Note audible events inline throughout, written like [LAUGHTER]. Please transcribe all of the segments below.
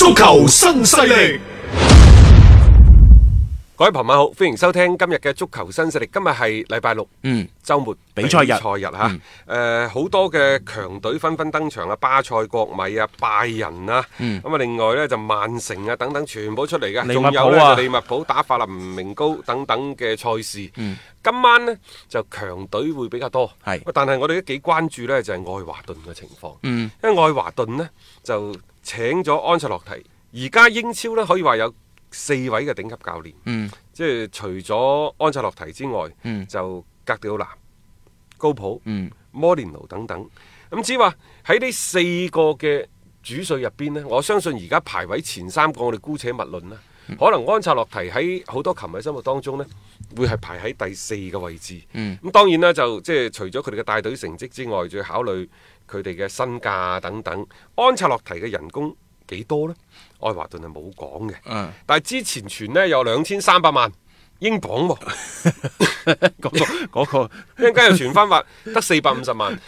足球新勢力。各位朋友好，歡迎收聽今日嘅足球新勢力。今日係禮拜六，嗯，周末比賽日，賽日吓，誒，好多嘅強隊紛紛登場啊，巴塞、國米啊、拜仁啊，嗯，咁啊，另外咧就曼城啊，等等，全部出嚟嘅，利物浦啊，仲有利物浦打法林明高等等嘅賽事，嗯，今晚咧就強隊會比較多，係，但係我哋都幾關注咧就係愛華頓嘅情況，嗯，因為愛華頓咧就請咗安塞洛提，而家英超咧可以話有。四位嘅頂級教練，嗯，即係除咗安察洛提之外，嗯、就格迪奧拿、高普、嗯、摩連奴等等，咁只話喺呢四個嘅主帥入邊呢，我相信而家排位前三個我哋姑且勿論啦，嗯、可能安察洛提喺好多球迷心目當中呢，會係排喺第四個位置，咁、嗯、當然啦，就即係除咗佢哋嘅帶隊成績之外，仲要考慮佢哋嘅身價等等，安察洛提嘅人工。幾多咧？愛華頓係冇講嘅，但係之前傳咧有兩千三百萬英鎊，嗰個嗰個，一陣間又傳翻話得四百五十萬，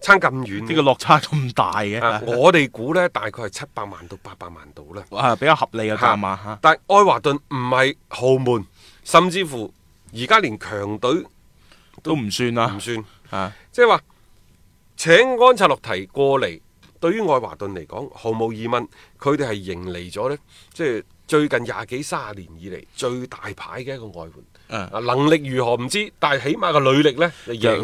差咁遠，呢個落差咁大嘅。我哋估咧大概係七百萬到八百萬度啦，比較合理嘅價碼。但係愛華頓唔係豪門，甚至乎而家連強隊都唔算啦，唔算啊，即係話請安察洛提過嚟。對於愛華頓嚟講，毫無疑問，佢哋係迎嚟咗呢，即係最近廿幾三十年以嚟最大牌嘅一個外援。啊、嗯，能力如何唔知，但係起碼個履歷呢，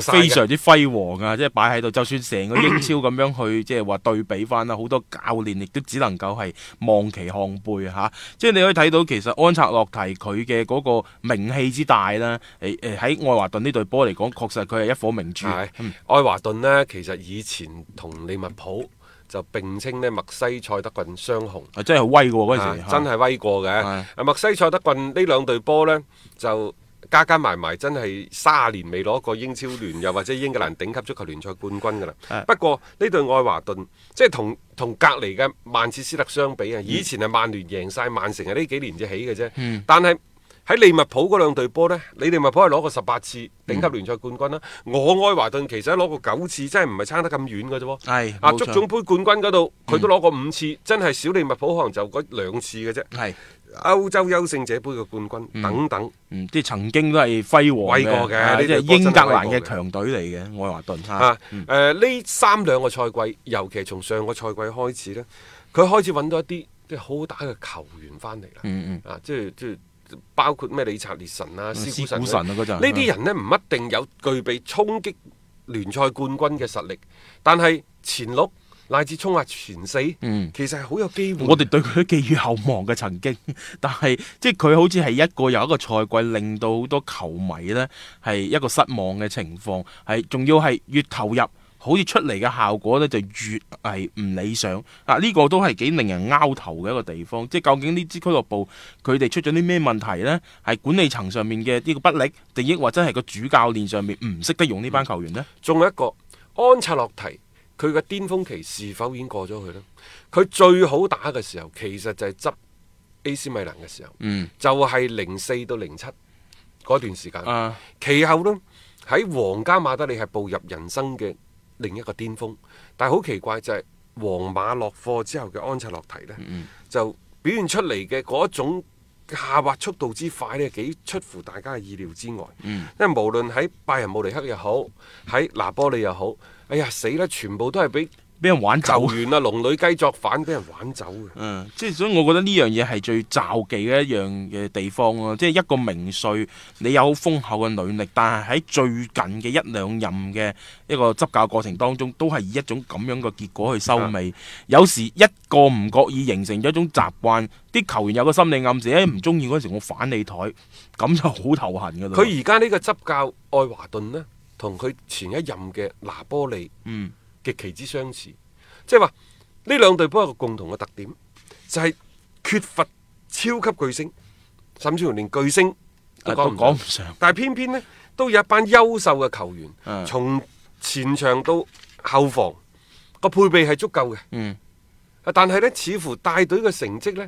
非常之輝煌啊！即係擺喺度，就算成個英超咁樣去，即係話對比翻啦，好多教練亦都只能夠係望其項背嚇。即係你可以睇到，其實安察洛提佢嘅嗰個名氣之大啦，誒誒喺愛華頓呢隊波嚟講，確實佢係一顆明珠。對嗯、愛華頓呢，其實以前同利物浦，就並稱呢，麥西塞德郡雙雄，啊，啊真係威嘅嗰陣時，真係威過嘅。是啊，麥西塞德郡呢兩隊波呢，就加加埋埋，真係三十年未攞過英超聯，又 [LAUGHS] 或者英格蘭頂級足球聯賽冠軍嘅啦。是不過呢隊愛華頓，即係同同隔離嘅曼徹斯特相比啊，嗯、以前係曼聯贏晒曼城，係呢幾年至起嘅啫。嗯、但係。喺利物浦嗰兩隊波呢，你利物浦係攞過十八次頂級聯賽冠軍啦。我埃華頓其實攞過九次，真係唔係差得咁遠嘅啫。係啊，足總杯冠軍嗰度佢都攞過五次，真係小利物浦可能就嗰兩次嘅啫。係歐洲優勝者杯嘅冠軍等等，啲曾經都係輝煌過嘅，呢啲係英格蘭嘅強隊嚟嘅埃華頓。吓誒，呢三兩個賽季，尤其從上個賽季開始呢，佢開始揾到一啲即係好打嘅球員翻嚟啦。即係即係。包括咩理查列神啊、司鼓神啊嗰陣，啊、呢啲人咧唔一定有具備衝擊聯賽冠軍嘅實力，但係前六乃至衝下前四，嗯，其實係好有機會，啊，我哋對佢寄予厚望嘅曾經，但係即係佢好似係一個又一個賽季令到好多球迷咧係一個失望嘅情況，係仲要係越投入，好似出嚟嘅效果呢就越係唔理想啊！呢、這個都係幾令人拗頭嘅一個地方。即係究竟呢支俱樂部佢哋出咗啲咩問題呢？係管理層上面嘅呢個不力，定抑或真係個主教練上面唔識得用呢班球員呢？仲、嗯、有一個安切洛蒂，佢嘅巔峰期是否已經過咗去呢？佢最好打嘅時候，其實就係執 AC 米蘭嘅時候，嗯，就係零四到零七嗰段時間，啊。其後呢，喺皇家馬德里係步入人生嘅。另一個巔峰，但係好奇怪就係皇馬落貨之後嘅安切洛蒂呢，嗯、就表現出嚟嘅嗰種下滑速度之快呢，幾出乎大家嘅意料之外。嗯、因為無論喺拜仁慕尼黑又好，喺拿、嗯、波利又好，哎呀死啦！全部都係畀。俾人玩走完啦，啊，龍女雞作反，俾人玩走嘅。 [LAUGHS] 嗯，即係所以，我覺得呢樣嘢係最詐忌嘅一樣嘅地方咯，啊。即、就、係、是、一個名帥，你有豐厚嘅履歷，但係喺最近嘅一兩任嘅一個執教過程當中，都係以一種咁樣嘅結果去收尾。嗯、有時一個唔覺意形成咗一種習慣，啲球員有個心理暗示，唔中意嗰時我反你台，咁就好頭痕噶啦。佢而家呢個執教愛華頓呢，同佢前一任嘅拿波利，嗯。極其之相似，即係話呢兩隊波有個共同嘅特點，就係、是、缺乏超級巨星，甚至乎連巨星都講唔上。但係偏偏呢，都有一班優秀嘅球員，是的 從前場到後防個配備係足夠嘅。嗯，但係呢，似乎帶隊嘅成績呢，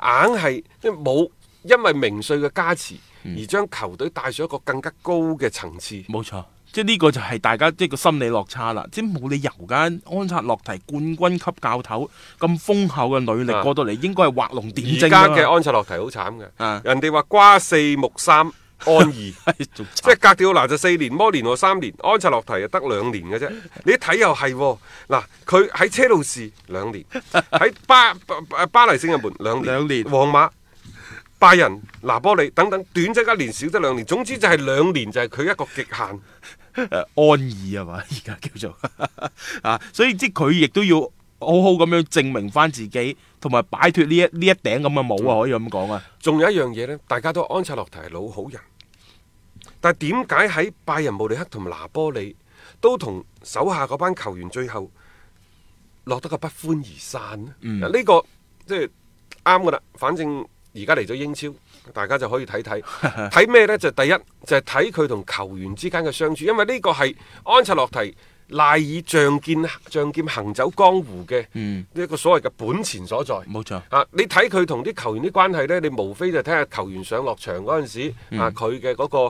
硬係係冇因為名帥嘅加持、嗯、而將球隊帶上一個更加高嘅層次。冇、嗯、錯。即係呢個就係大家即係個心理落差啦，即係冇理由噶，安察洛提冠軍級教頭咁豐厚嘅履歷，過到嚟，啊、應該係畫龍點睛。而家嘅安察洛提好慘嘅，er, 啊、人哋話瓜四木三安二，即係 [LAUGHS] 慘格調嗱就四年，摩連奴三年，安察洛提就得兩年嘅啫。你一睇又係嗱、啊，佢喺車路士兩年，喺 [LAUGHS] 巴巴黎聖日門兩年，皇馬。拜仁、拿波利等等，短則一年，少則兩年，總之就係兩年就係佢一個極限 [LAUGHS] 安逸係嘛？而家叫做 [LAUGHS] 啊，所以即佢亦都要好好咁樣證明翻自己，同埋擺脫呢一呢一頂咁嘅帽啊，可以咁講啊。仲有，有一樣嘢呢，大家都安切洛蒂老好人，但係點解喺拜仁慕尼黑同埋拿波利都同手下嗰班球員最後落得個不歡而散呢、嗯這個即係啱噶啦，反正。而家嚟咗英超，大家就可以睇睇睇咩呢？就係，第一就係睇佢同球員之間嘅相處，因為呢個係安切洛蒂賴以仗劍仗劍行走江湖嘅呢一個所謂嘅本錢所在。冇錯啊！你睇佢同啲球員啲關係呢，你無非就睇下球員上落場嗰陣時，嗯、啊，佢嘅嗰個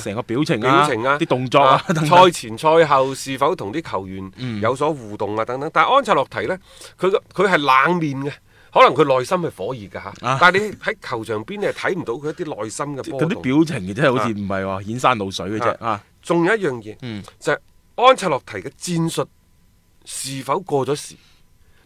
成，啊、個表情表情啊，啲，啊、動作啊、啊等等賽前賽後是否同啲球員有所互動啊等等。嗯，但係安切洛蒂呢，佢佢係冷面嘅。可能佢內心係火熱噶吓，啊、但係你喺球場邊你係睇唔到佢一啲內心嘅波動。佢啲表情嘅真係好似唔係話顯山露水嘅啫。啊，仲、啊、有一樣嘢，嗯、就係安切洛蒂嘅戰術是否過咗時？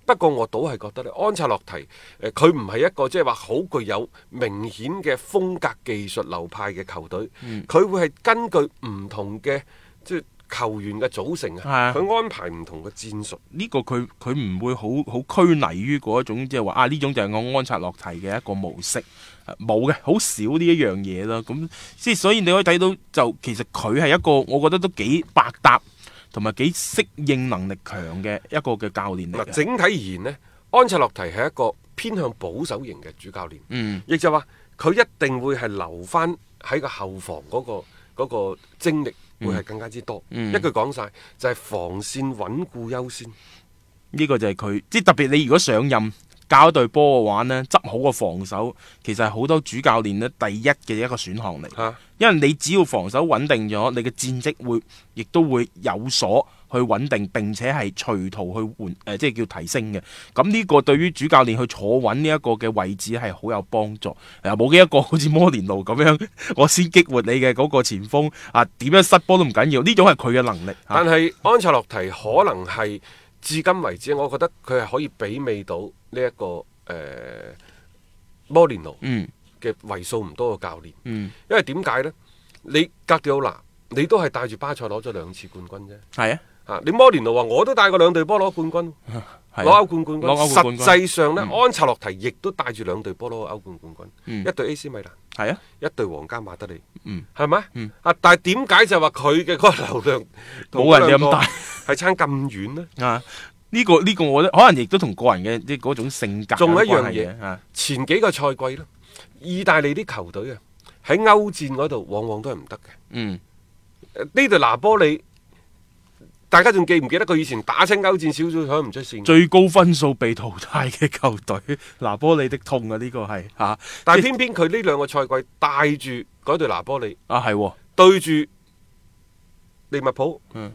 不過我倒係覺得咧，安切洛蒂誒，佢唔係一個即係話好具有明顯嘅風格、技術流派嘅球隊。佢、嗯、會係根據唔同嘅即係。就是球員嘅組成啊，佢安排唔同嘅戰術，呢個佢佢唔會好好拘泥於嗰一種，即係話啊呢種就係我安切洛蒂嘅一個模式，冇、啊、嘅，好少呢一樣嘢啦。咁即所以你可以睇到，就其實佢係一個我覺得都幾百搭，同埋幾適應能力強嘅一個嘅教練嚟。整體而言咧，安切洛蒂係一個偏向保守型嘅主教練，嗯，亦就話佢一定會係留翻喺個後防嗰、嗰個、嗰個精力。會係更加之多，嗯、一句講晒就係、是、防線穩固優先，呢個就係佢，即係特別你如果上任教一隊波嘅話呢執好個防守，其實係好多主教練咧第一嘅一個選項嚟，哈因為你只要防守穩定咗，你嘅戰績會亦都會有所。去穩定，並且係隨途去換誒、呃，即係叫提升嘅。咁呢個對於主教練去坐穩呢一個嘅位置係好有幫助。誒、啊，冇幾一個好似摩連奴咁樣，我先激活你嘅嗰個前鋒啊，點樣失波都唔緊要緊，呢種係佢嘅能力。啊、但係安切洛蒂可能係至今為止，我覺得佢係可以媲美到呢、這、一個誒、呃、摩連奴嗯嘅為數唔多嘅教練嗯，嗯因為點解呢？你格迪奧娜你都係帶住巴塞攞咗兩次冠軍啫，係啊。啊！你摩連奴話我都帶過兩隊波攞冠軍，攞歐冠冠軍。實際上咧，安察洛提亦都帶住兩隊波攞歐冠冠軍，一隊 AC 米蘭，係啊，一隊皇家馬德里，嗯，係咪？嗯，啊，但係點解就話佢嘅嗰個流量冇人咁大，係差咁遠咧？啊，呢個呢個，我覺得可能亦都同個人嘅即嗰種性格，仲有一樣嘢啊，前幾個賽季咧，意大利啲球隊啊，喺歐戰嗰度往往都係唔得嘅。嗯，呢隊拿波利。大家仲記唔記得佢以前打親歐戰小組賽唔出線？最高分數被淘汰嘅球隊， [LAUGHS] 拿波利的痛啊！呢、這個係吓，啊、但係偏偏佢呢兩個賽季帶住嗰隊拿波利啊，係對住、哦、利物浦。嗯。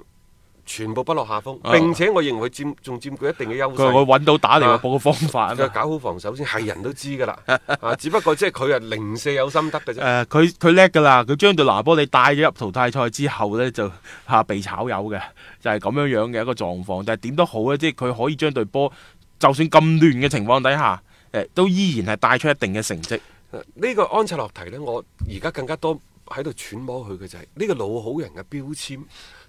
全部不落下風，並且我認為佔仲佔據一定嘅優勢。佢揾、啊、到打利物浦嘅方法，佢、啊、搞好防守先係 [LAUGHS] 人都知噶啦、 [LAUGHS] 啊。只不過即係佢係零舍有心得嘅啫。佢叻噶啦，佢將對拿波利帶咗入淘汰賽之後呢，就嚇、啊、被炒魷嘅，就係、是、咁樣樣嘅一個狀況。但係點都好咧，即係佢可以將對波就算咁亂嘅情況底下，誒、啊、都依然係帶出一定嘅成績。呢、啊這個安切洛蒂呢，我而家更加多喺度揣摩佢嘅就係、是、呢、這個老好人嘅標籤。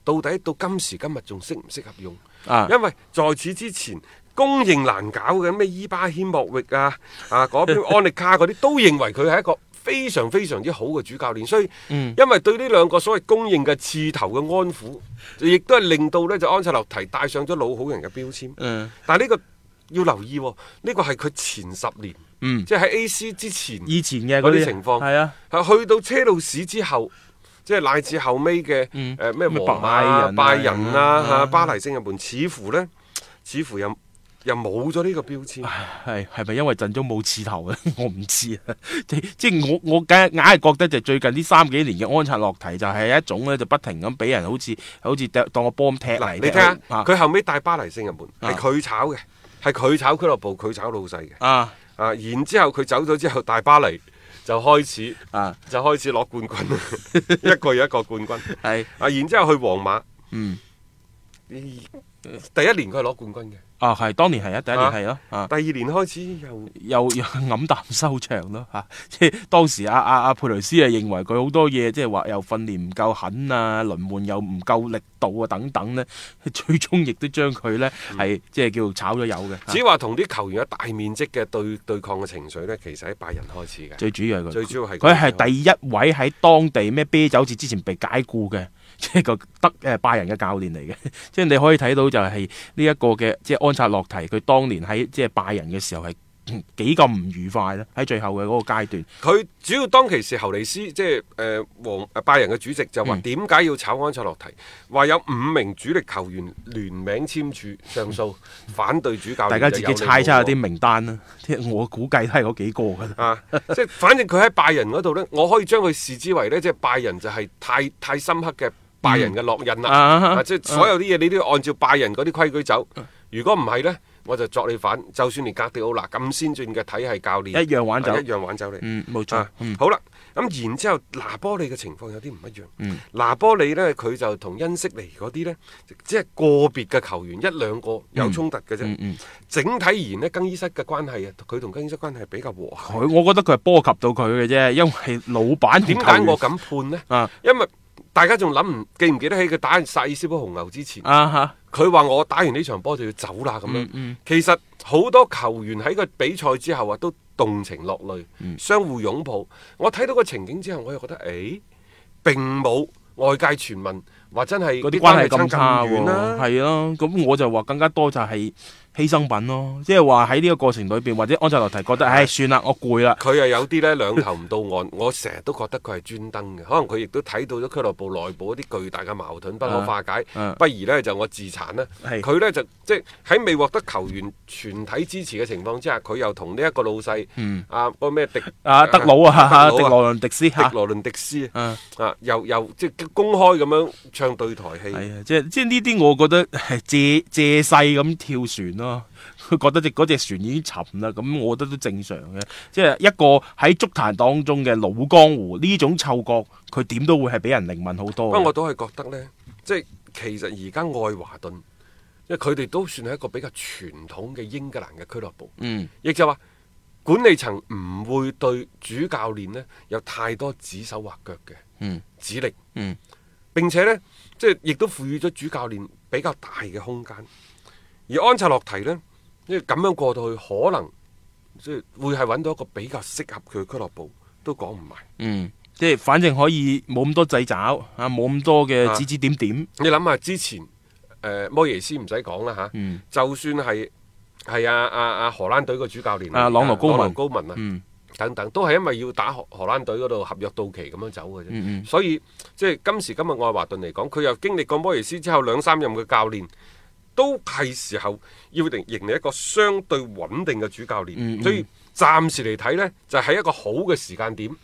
到底到今時今日仲適唔適合用？啊，因為在此之前公認難搞嘅咩伊巴謙莫域啊，啊嗰邊安力卡嗰啲 [LAUGHS] 都認為佢係一個非常非常之好嘅主教練，所以、嗯、因為對呢兩個所謂公認嘅刺頭嘅安撫，亦都係令到呢就安塞洛提戴上咗老好人嘅標籤。嗯但、這個，但係呢個要留意、哦，呢、這個係佢前十年，即係喺 A.C. 之前以前嘅嗰啲情況係是啊，係是、啊、去到車路士之後。之後即係乃至後尾嘅誒咩？呃啊啊、拜拜仁啊，啊巴黎聖日門似乎咧，似乎又又冇咗呢個標籤。係係咪因為陣中冇刺頭咧？ [LAUGHS] 我唔知啊！即即我我梗係係覺得就最近呢三幾年嘅安察洛堤就係一種咧，就不停咁俾人好似好似當當我幫踢嚟嘅、啊。你聽下佢後尾帶巴黎聖日門係佢炒嘅，係佢炒俱樂部，佢炒老細嘅啊啊！然之後佢走咗之後帶巴黎。就開始啊！就開始攞冠軍， [LAUGHS] 一個又一個冠軍。係啊 [LAUGHS] 是，然之後去皇馬，嗯，第一年佢係攞冠軍嘅。啊，係，當年係啊，第一年係咯，啊，啊第二年開始又又黯淡收場咯嚇，即、啊、係、就是、當時阿阿阿佩雷斯啊認為佢好多嘢，即係話又訓練唔夠狠啊，輪換又唔夠力度啊等等咧，最終亦都將佢咧係即係叫做炒咗魷嘅。只話同啲球員有大面積嘅對對抗嘅情緒咧，其實喺拜仁開始嘅。最主要係佢，最主要係佢係第一位喺當地咩啤酒節之前被解雇嘅。即係個德誒、呃、拜仁嘅教練嚟嘅，即係你可以睇到就係呢一個嘅即係安察洛提，佢當年喺即係拜仁嘅時候係幾咁唔愉快咧。喺最後嘅嗰個階段，佢主要當其時侯尼斯即係誒黃拜仁嘅主席就話點解要炒安察洛提，話有五名主力球員聯名簽署上訴反對主教練。大家自己猜猜啲名單啦，即係我估計都係嗰幾個嘅。即係反正佢喺拜仁嗰度咧，我可以將佢視之為咧，即係拜仁就係太太深刻嘅。拜仁嘅烙印啦，即係所有啲嘢你都要按照拜仁嗰啲規矩走。如果唔係呢，我就作你反。就算連格迪奧拿咁先進嘅體系教練，一樣玩走，一樣玩走你。冇錯。好啦，咁然之後，拿波利嘅情況有啲唔一樣。拿波利呢，佢就同恩息尼嗰啲呢，即係個別嘅球員一兩個有衝突嘅啫。整體而言咧，更衣室嘅關係啊，佢同更衣室關係比較和諧。我覺得佢係波及到佢嘅啫，因為老闆同球員。點解我咁判呢？因為。大家仲諗唔記唔記得起佢打完薩爾斯堡紅牛之前，佢話、uh huh. 我打完呢場波就要走啦咁、mm hmm. 樣。其實好多球員喺個比賽之後啊，都動情落淚，mm hmm. 相互擁抱。我睇到個情景之後，我又覺得誒、欸，並冇外界傳聞話真係啲關係咁差喎。係啊，咁、啊、我就話更加多就係、是。犧牲品咯，即係話喺呢個過程裏邊，或者安切洛蒂覺得唉，算啦，我攰啦。佢又有啲咧兩頭唔到岸，我成日都覺得佢係專登嘅。可能佢亦都睇到咗俱樂部內部一啲巨大嘅矛盾不可化解，不如咧就我自殘啦。佢咧就即係喺未獲得球員全體支持嘅情況之下，佢又同呢一個老細，阿個咩迪阿德魯啊，迪羅倫迪斯，迪羅倫迪斯，啊又又即係公開咁樣唱對台戲。即係即係呢啲我覺得係借借勢咁跳船。佢、啊、覺得隻嗰隻船已經沉啦，咁我覺得都正常嘅。即係一個喺足壇當中嘅老江湖，呢種嗅覺佢點都會係比人靈敏好多。不過我都係覺得呢，即係其實而家愛華頓，即係佢哋都算係一個比較傳統嘅英格蘭嘅俱樂部。嗯，亦就話管理層唔會對主教練呢有太多指手畫腳嘅、嗯。嗯，指令，嗯。並且呢，即係亦都賦予咗主教練比較大嘅空間。而安察洛提呢，因為咁樣過到去，可能即係會係搵到一個比較適合佢嘅俱樂部，都講唔埋。嗯，即係反正可以冇咁多掣肘啊，冇咁多嘅指指點點。你諗下之前，誒，摩耶斯唔使講啦吓，就算係係啊啊啊荷蘭隊嘅主教練啊朗羅高文，朗羅高文啊，等等，都係因為要打荷蘭隊嗰度合約到期咁樣走嘅啫。嗯嗯。所以即係今時今日愛華頓嚟講，佢又經歷過摩耶斯之後兩三任嘅教練。都係時候要迎嚟一個相對穩定嘅主教練，嗯嗯，所以暫時嚟睇呢，就係、是、一個好嘅時間點。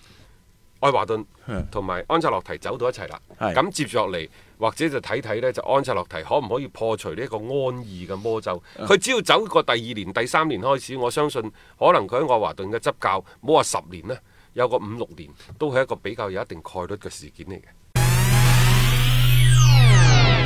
愛華頓同埋安扎洛提走到一齊啦，咁是的 接住落嚟或者就睇睇呢，就安扎洛提可唔可以破除呢一個安逸嘅魔咒？佢，啊，只要走過第二年，第三年開始，我相信可能佢喺愛華頓嘅執教，唔好話十年呢，有個五六年都係一個比較有一定概率嘅事件嚟嘅。